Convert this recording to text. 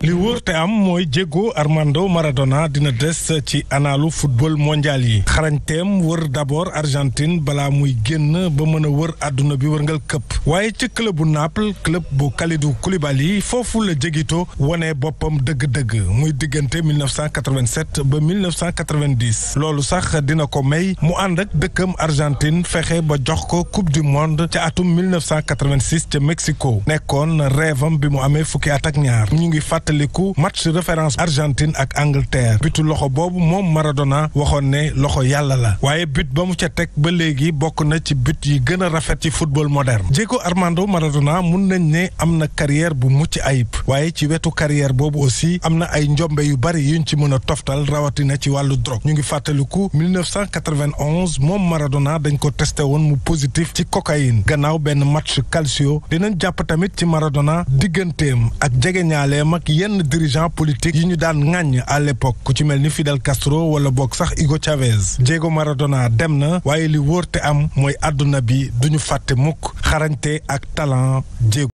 li wóor te am mooy Diego Armando Maradona dina des ci anaalu football mondial yi xarañteem wër d'abord Argentine balaa muy génn ba mën a wër àdduna bi wërngal këpp waaye ci club bu Naples club bu Kalidou yi foofu la jégito wone boppam dëgg-dëgg muy diggante 1987 ba 1990 loolu sax dina ko may mu ànd ak dëkkam Argentine fexe ba jox ko coupe du monde ca atum 1986 ca Mexico nekkoon rêvam bi mu amee fukki at ak ñaar ñu ngi fàtt fàttaliku match référence Argentine ak Angleterre bitu loxo boobu moom Maradona waxoon ne loxo yàlla la waaye bit ba mu ca teg ba léegi bokk na ci but yi gën a rafet ci football moderne Diego Armando Maradona mun nañ ne am na carrière bu mucc ayib waaye ci wetu carrière boobu aussi am na ay njombe yu bari ñu ci mën a toftal rawatina ci wàllu drogue ñu ngi fàttaliku 1991 moom Maradona dañ ko testé woon mu positif ci cocaïne gannaaw benn match calcio dinañ jàpp tamit ci Maradona digganteem yenn dirigeant politique yi ñu daan ŋàññ à l'époque ku ci mel ni Fidel Castro wala boog sax Hugo Chavez Diego Maradona dem na waaye li wóor am mooy àdduna bi duñu fàtte mukk xarañte ak talent Diego